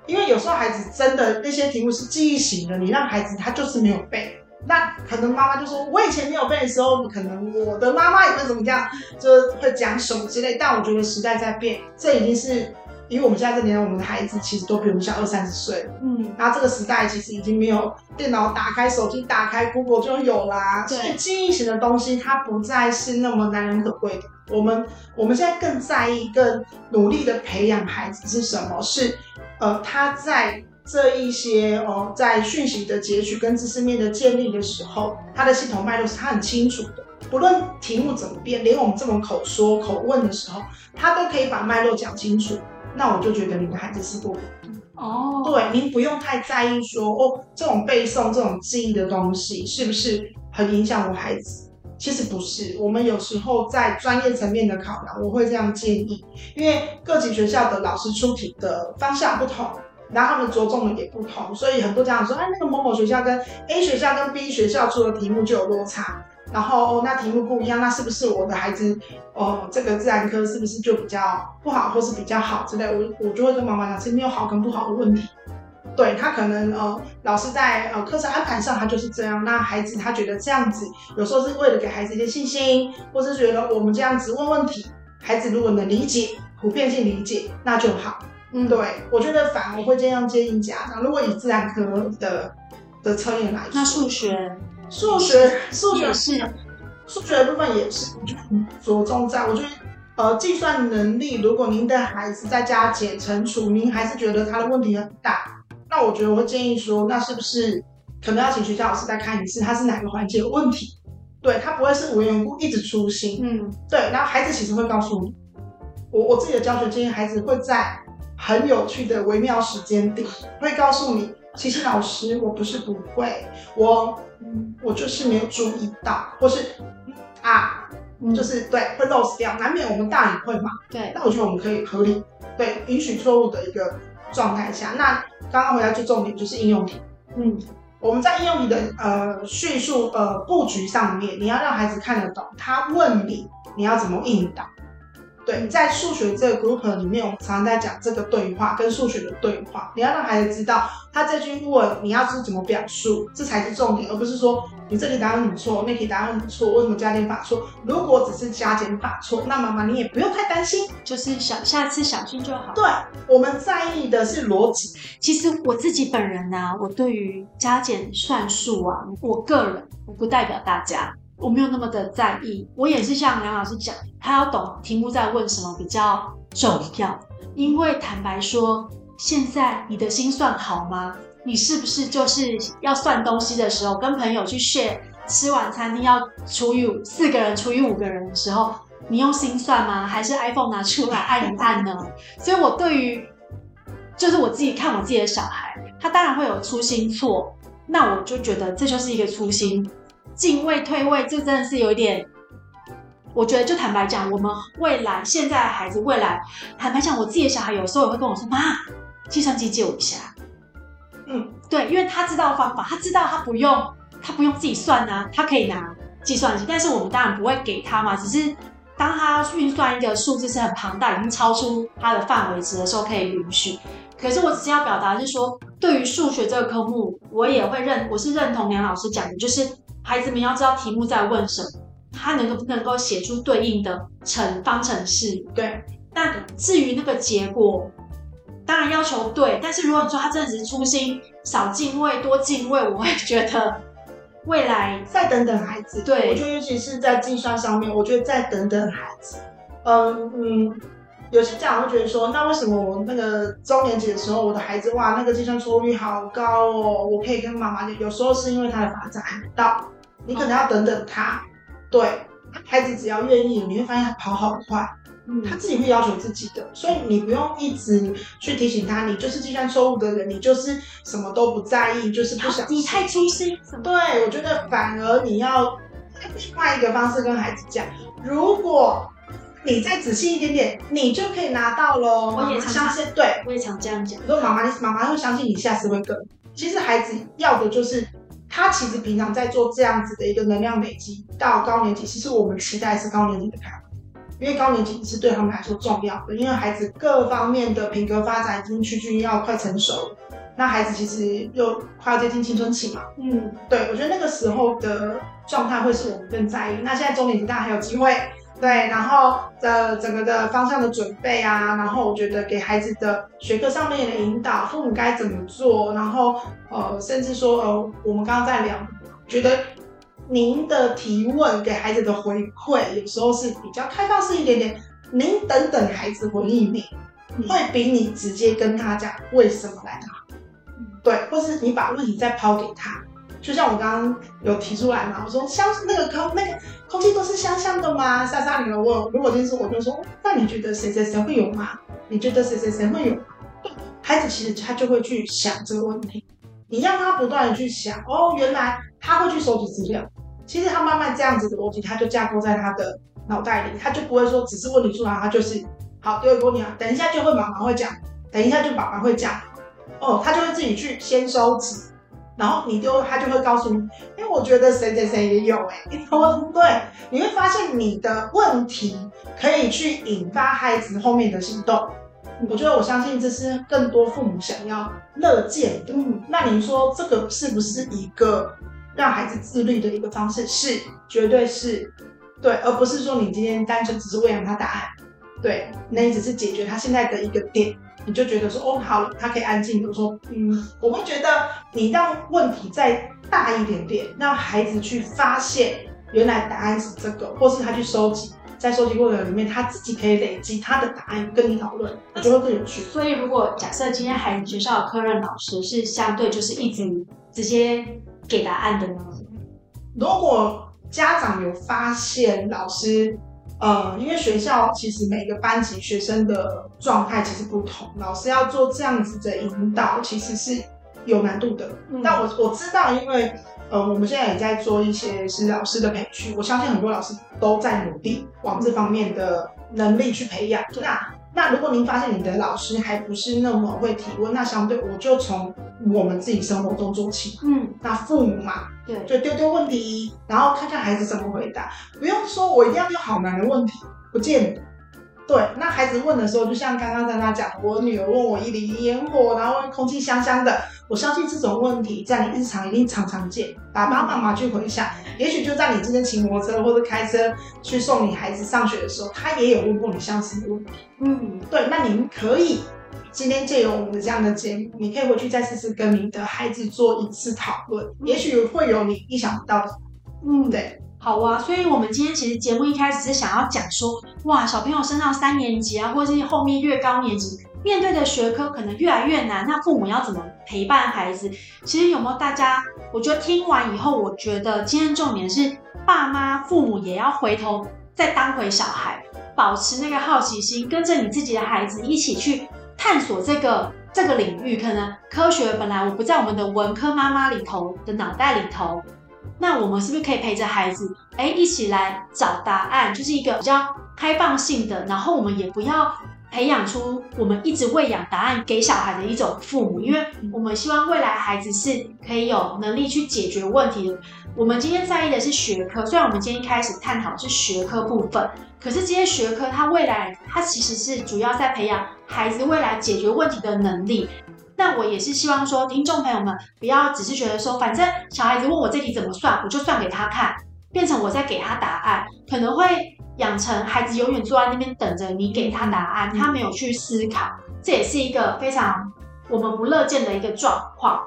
因為有時候孩子真的那些題目是記憶型的，你讓孩子他就是沒有背，那可能媽媽就說，我以前沒有背的時候，可能我的媽媽也會怎麼樣，就是、會講什麼之類。但我覺得時代在變，這已經是因為我們現在這年齡，我們的孩子其實都比我們小二三十歲，嗯，然後這個時代其實已經沒有電腦打開、手機打開 Google 就有啦、啊，所以記憶型的東西它不再是那麼難能可貴的。我們我們現在更在意、更努力的培養孩子是什麼？是，呃，他在這一些哦，在訊息的截取跟知識面的建立的時候，他的系統脈絡是他很清楚的。不論題目怎麼變，連我們這種口說口問的時候，他都可以把脈絡講清楚。那我就覺得你的孩子是過關的。哦、oh.，對，您不用太在意說哦，這種背誦、這種記憶的東西是不是很影響我孩子？其實不是，我們有時候在專業層面的考量，我會這樣建議，因為各級學校的老師出題的方向不同，然後他們着重的也不同，所以很多家長說，哎，那個某某學校跟 A 學校跟 B 學校出的題目就有落差，然後，哦，那題目不一樣，那是不是我的孩子，哦，這個自然科是不是就比較不好，或是比較好之類？我我就會跟媽媽講，是沒有好跟不好的問題。對他可能呃，老師在呃課程安排上他就是這樣。那孩子他覺得這樣子，有時候是為了給孩子一些信心，或是覺得我們這樣子問問題，孩子如果能理解，普遍性理解那就好。嗯，對，我覺得反而會這樣建議家長。如果以自然科的的層面來說，那數學，數學，數學是，數學的部分也是，就着重在，我覺得呃計算能力。如果您的孩子在加減乘除，您還是覺得他的問題很大。那我覺得我會建議說，那是不是可能要請學校老師再看一次，他是哪個環節有問題對？對，他不會是無緣無故一直粗心，嗯，對。然後孩子其實會告訴你，我我自己的教學經驗，孩子會在很有趣的微妙時間點會告訴你，其實老師，我不是不會，我我就是沒有注意到，或是啊，就是對，會漏掉，難免我們大人會嘛，對。那我覺得我們可以合理對允許錯誤的一個狀態下，那剛剛回來最重點就是應用題。嗯，我們在應用題的呃敘述呃布局上面，你要讓孩子看得懂。他問你，你要怎麼應答？對，你在數學這個 group 裡面，我們常常在講這個對話，跟數學的對話。你要讓孩子知道，他這句話，你要是怎麼表述，這才是重點，而不是說你這題答案很錯，那題答案很錯，為什麼加減法錯？如果只是加減法錯，那媽媽你也不用太擔心，就是小下次小心就好。對，我們在意的是邏輯。其實我自己本人呢、啊，我對於加減算術啊，我個人，我不代表大家。我沒有那麼的在意，我也是像梁老師講，他要懂題目在問什麼比較重要。因為坦白說，現在你的心算好嗎？你是不是就是要算東西的時候，跟朋友去 share 吃晚餐，你要除以四個人除以五個人的時候，你用心算嗎？還是 iPhone 拿出來按一按呢？所以，我對於就是我自己看我自己的小孩，他當然會有粗心錯，那我就覺得這就是一個粗心。進位退位，這真的是有一點，我覺得就坦白講，我們未來現在孩子未來，坦白講，我自己的小孩有時候也會跟我說：“媽，計算機借我一下。”嗯，對，因為他知道方法，他知道他不用，他不用自己算吶、啊，他可以拿計算機。但是我們當然不會給他嘛，只是當他運算一個數字是很龐大，已經超出他的範圍值的時候，可以允許。可是我只是要表達，就是說對於數學這個科目，我也會認，我是認同梁老師講的，就是。孩子們要知道題目在問什麼，他能夠不能夠寫出對應的乘方程式？對。但至於那個結果，當然要求對。但是如果你說他真的只是粗心，少進位，多進位，我會覺得未來再等等孩子。對。我覺得尤其是在計算上面，我覺得再等等孩子。嗯嗯。有些家長會覺得說，那為什麼我那個中年級的時候，我的孩子哇，那個計算錯誤率好高哦？我可以跟媽媽講，有時候是因為他的發展還不到，你可能要等等他。哦、對，孩子只要願意，你會發現他跑好不快，嗯，他自己會要求自己的，所以你不用一直去提醒他，你就是計算錯誤的人，你就是什麼都不在意，就是不想、啊。你太粗心。對，我覺得反而你要用另外一個方式跟孩子講，如果，你再仔細一點點，你就可以拿到咯。我也相信，對，我也常這樣講。如果媽媽，你媽媽會相信你，下次會更。其實孩子要的，就是他其實平常在做這樣子的一個能量累積，到高年級，其實我們期待是高年級的開發，因為高年級是對他們來說重要的，因為孩子各方面的品格發展已經趨近要快成熟，那孩子其實又快要接近青春期嘛。嗯，對，我覺得那個時候的狀態會是我們更在意。那現在中年級，大家還有機會。對，然後的、呃、整個的方向的準備啊，然後我覺得給孩子的學科上面的引導，父母該怎麼做？然後呃，甚至說呃，我們剛剛在聊，覺得您的提問給孩子的回饋，有時候是比較開放式一點點。您等等孩子回應你，會比你直接跟他講為什麼來得好。對，或是你把問題再拋給他。就像我剛剛有提出來嘛，我說香那個空那個空氣都是香香的嘛。莎莎你問我，如果這次我就說，那你覺得誰誰誰會有嗎？你覺得誰誰誰會有嗎？孩子其實他就會去想這個問題，你讓他不斷的去想，哦，原來他會去收集資料，其實他慢慢這樣子的邏輯，他就架構在他的腦袋裡，他就不會說只是問題出來，他就是好，對不對？等一下就會媽媽會講，等一下就爸爸會講，哦，他就會自己去先收集。然後你就，他就會告訴你，因、欸、我覺得誰誰誰也有欸，你說的對。你會發現你的問題可以去引發孩子後面的行動。我覺得我相信這是更多父母想要樂見。嗯。那你說這個是不是一個讓孩子自律的一個方式？是，絕對是，對，而不是說你今天單純只是餵養他答案，對，那你只是解決他現在的一個點。你就覺得說哦，好了，他可以安靜。比如說，嗯，我會覺得你讓問題再大一點點，讓孩子去發現原來答案是這個，或是他去收集，在收集過程裡面，他自己可以累積他的答案跟你討論，我覺得更有趣。所以，如果假設今天孩子學校的科任老師是相對就是一直直接給答案的呢？如果家長有發現老師？呃，因為學校其實每個班級學生的狀態其實不同，老師要做這樣子的引導，其實是有難度的。嗯、但我我知道，因為呃，我們現在也在做一些是老師的培訓，我相信很多老師都在努力往這方面的能力去培養、嗯。那。那如果您發現你的老師還不是那麼會提問，那相對我就從我們自己生活中做起。嗯，那父母嘛，對，就丟丟問題，然後看看孩子怎麼回答。不用說，我一定要有好難的問題，不見得。對，那孩子問的時候，就像剛剛在那講，我女兒問我一粒煙火，然後空氣香香的。我相信這種問題，在你日常一定常常見，爸爸媽媽去回想，也許就在你今天騎摩托車或者開車去送你孩子上學的時候，他也有問過你相似的問題。嗯，對。那您可以今天借由我們這樣的節目，你可以回去再試試跟你的孩子做一次討論，也許會有你意想不到。嗯，對。好啊，所以我們今天其實節目一開始是想要講說，哇，小朋友升到三年級啊，或者是後面越高年級，面對的學科可能越來越難，那父母要怎麼陪伴孩子？其實有沒有大家？我覺得聽完以後，我覺得今天重點是，爸媽、父母也要回頭再當回小孩，保持那個好奇心，跟着你自己的孩子一起去探索這個這個領域。可能科學本來我不在我們的文科媽媽裡頭的腦袋裡頭，那我們是不是可以陪着孩子，哎，一起來找答案？就是一個比較開放性的，然後我們也不要培養出我們一直餵養答案給小孩的一種父母，因為我們希望未來孩子是可以有能力去解決問題的。我們今天在意的是學科，雖然我們今天一開始探討的是學科部分，可是這些學科它未來它其實是主要在培養孩子未來解決問題的能力。但我也是希望說，聽眾朋友們不要只是覺得說，反正小孩子問我這題怎麼算，我就算給他看，變成我在給他答案，可能會養成孩子永遠坐在那邊等着你給他答案，他沒有去思考，這也是一個非常。我們不樂見的一個狀況，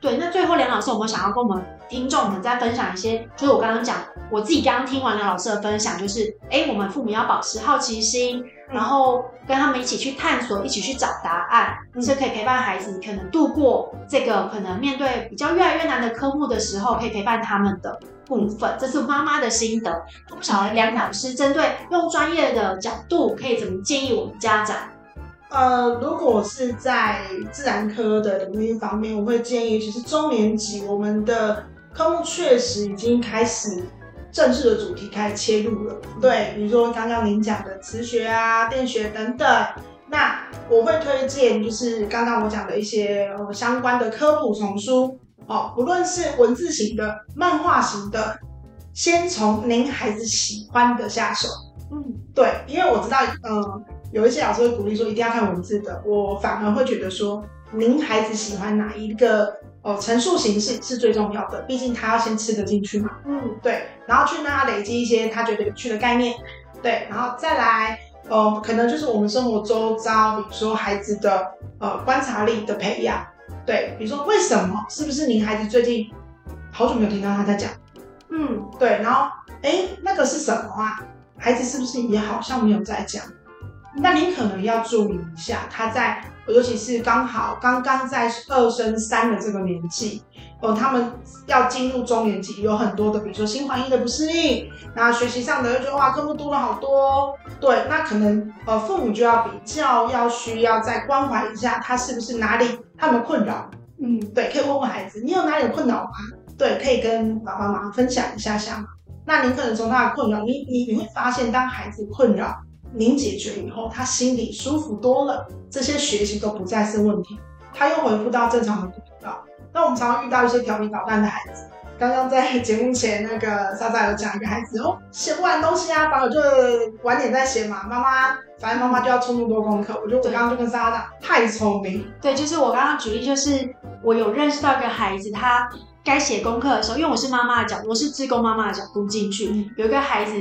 對。那最後梁老師我們想要跟我們聽眾們再分享一些，就是我剛剛講，我自己剛剛聽完梁老師的分享，就是哎、欸，我們父母要保持好奇心，然後跟他們一起去探索，一起去找答案，是可以陪伴孩子可能度過這個可能面對比較越來越難的科目的時候，可以陪伴他們的部分。這是媽媽的心得。那不曉得梁老師針對用專業的角度，可以怎麼建議我們家長？呃，如果是在自然科的領域方面，我會建議，其實中年級我們的科目確實已經開始正式的主題開始切入了。對，比如說剛剛您講的磁學啊、電學等等，那我會推薦就是剛剛我講的一些、呃、相關的科普叢書，哦，不論是文字型的、漫畫型的，先從您孩子喜歡的下手。嗯，對，因為我知道，嗯、呃。有一些老師會鼓勵說一定要看文字的，我反而會覺得說，您孩子喜歡哪一個哦陳述形式是最重要的，畢竟他要先吃得進去嘛。嗯，對，然後去讓他累積一些他覺得有趣的概念，對，然後再來，呃，可能就是我們生活周遭，比如說孩子的呃觀察力的培養，對，比如說為什麼是不是您孩子最近好久沒有聽到他在講？嗯，對，然後哎、欸、那個是什麼啊？孩子是不是也好像沒有在講？那您可能要注意一下，他在，尤其是剛好剛剛在二升三的這個年紀，哦，他們要進入中年級，有很多的，比如說新環境的不適應，然後學習上的又覺得哇科目多了好多，哦，對，那可能呃父母就要比較要需要再關懷一下他是不是哪裡他們困擾，嗯，對，可以問問孩子，你有哪裡的困擾嗎？對，可以跟爸爸媽媽分享一下下嘛。那您可能從他的困擾，你你你會發現當孩子困擾，您解決以後，他心裡舒服多了，這些學習都不再是問題，他又回復到正常的步調。那我們常常遇到一些調皮搗蛋的孩子，剛剛在節目前那個莎莎有講一個孩子哦，寫不完東西啊，反正我就晚點再寫嘛。媽媽，反正媽媽就要出那麼多功課。我覺得我剛剛就跟莎莎太聰明。對，就是我剛剛舉例，就是我有認識到一個孩子，他該寫功課的時候，因為我是媽媽的角度，我是志工媽媽的角度進去、嗯，有一個孩子。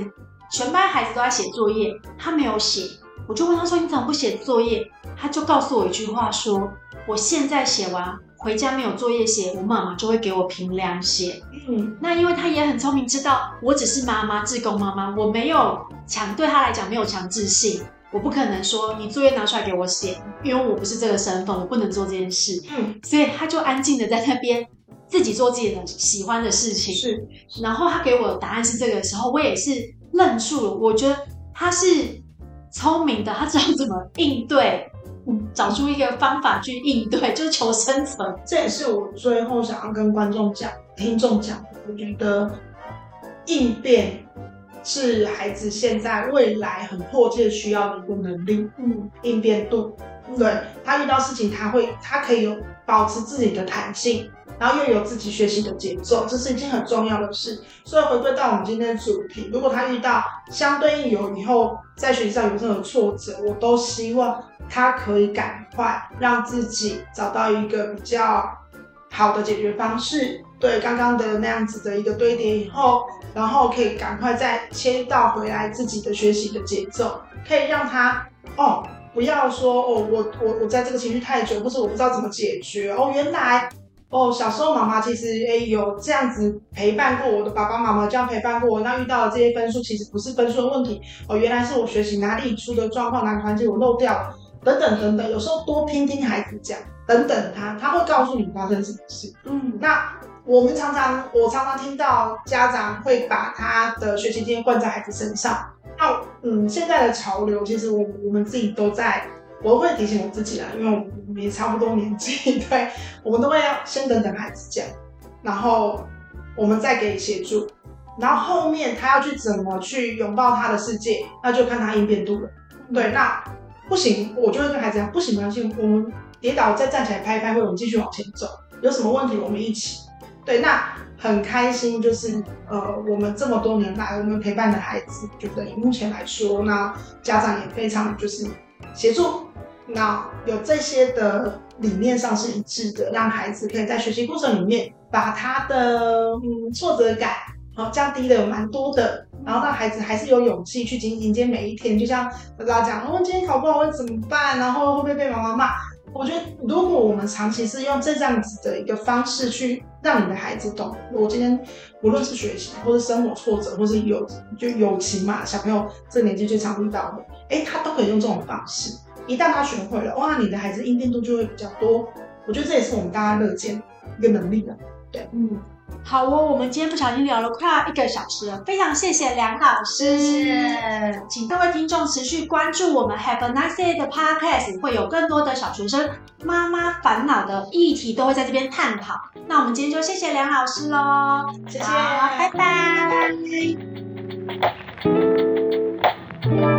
全班孩子都在寫作業，他沒有寫，我就問他說：“你怎麼不寫作業？”他就告訴我一句話說：“說我現在寫完回家沒有作業寫，我媽媽就會給我評量寫。”嗯，那因為他也很聰明，知道我只是媽媽，志工媽媽，我沒有強，對他來講沒有強制性，我不可能說你作業拿出來給我寫，因為我不是這個身份，我不能做這件事。嗯，所以他就安靜的在那邊自己做自己的喜歡的事情。是，是，然後他給我的答案是這個時候，我也是。愣住了，我覺得他是聰明的，他知道怎麼應對，嗯，找出一個方法去應對，就求生存。這也是我最後想要跟觀眾講、聽眾講的，我覺得應變是孩子現在、未來很迫切需要的一個能力。嗯，應變度，對，他遇到事情，他會，他可以有保持自己的彈性。然後又有自己學習的節奏，這是一件很重要的事。所以回歸到我們今天的主題，如果他遇到相對應有以後在學習上有任何挫折，我都希望他可以趕快讓自己找到一個比較好的解決方式，對剛剛的那樣子的一個堆疊以後，然後可以趕快再切到回來自己的學習的節奏，可以讓他哦，不要說哦我我我在這個情緒太久，或者我不知道怎麼解決哦，原來。哦，小時候媽媽其實也、欸、有這樣子陪伴過我的，爸爸媽媽這樣陪伴過我。那遇到的這些分數，其實不是分數的問題哦，原來是我學習哪裡出的狀況，哪個環節我漏掉了，等等等等。有時候多聽聽孩子講，等等他，他會告訴你發生什麼事。嗯，那我們常常，我常常聽到家長會把他的學習經驗灌在孩子身上。那嗯，現在的潮流，其實我我們自己都在。我會提醒我自己啦、啊，因為我們也差不多年紀，對，我們都會要先等等孩子講，然後我們再給協助，然後後面他要去怎麼去擁抱他的世界，那就看他應變度了。對，那不行，我就會跟孩子講，不行沒關係，我們跌倒再站起來拍一拍，會我們繼續往前走，有什麼問題我們一起。對，那很開心，就是呃，我們這麼多年來我們陪伴的孩子，覺得目前來說呢，那家長也非常就是。協助，那有這些的理念上是一致的，讓孩子可以在學習過程裡面把他的、嗯、挫折感，然後降低了蠻多的，然後讓孩子還是有勇氣去迎迎接每一天。就像大家講，我、哦、今天考不好會怎麼辦？然後會不會被媽媽罵？我覺得如果我們長期是用這、這樣子的一個方式去。讓你的孩子懂，我今天無論是學習，或是生活挫折，或是友就友情嘛，小朋友這個年紀最常遇到的，哎、欸，他都可以用這種方式。一旦他學會了，哇、哦啊，你的孩子應變度就會比較多。我覺得這也是我們大家樂見一個能力的，對，嗯。好哦，我們今天不小心聊了快要一個小時了，非常謝謝梁老師。請各位聽眾持續關注我們 Have a Nice Day 的 Podcast，會有更多的小學生媽媽煩惱的議題都會在這邊探討。那我們今天就謝謝梁老師嘍，謝謝，拜拜。Bye.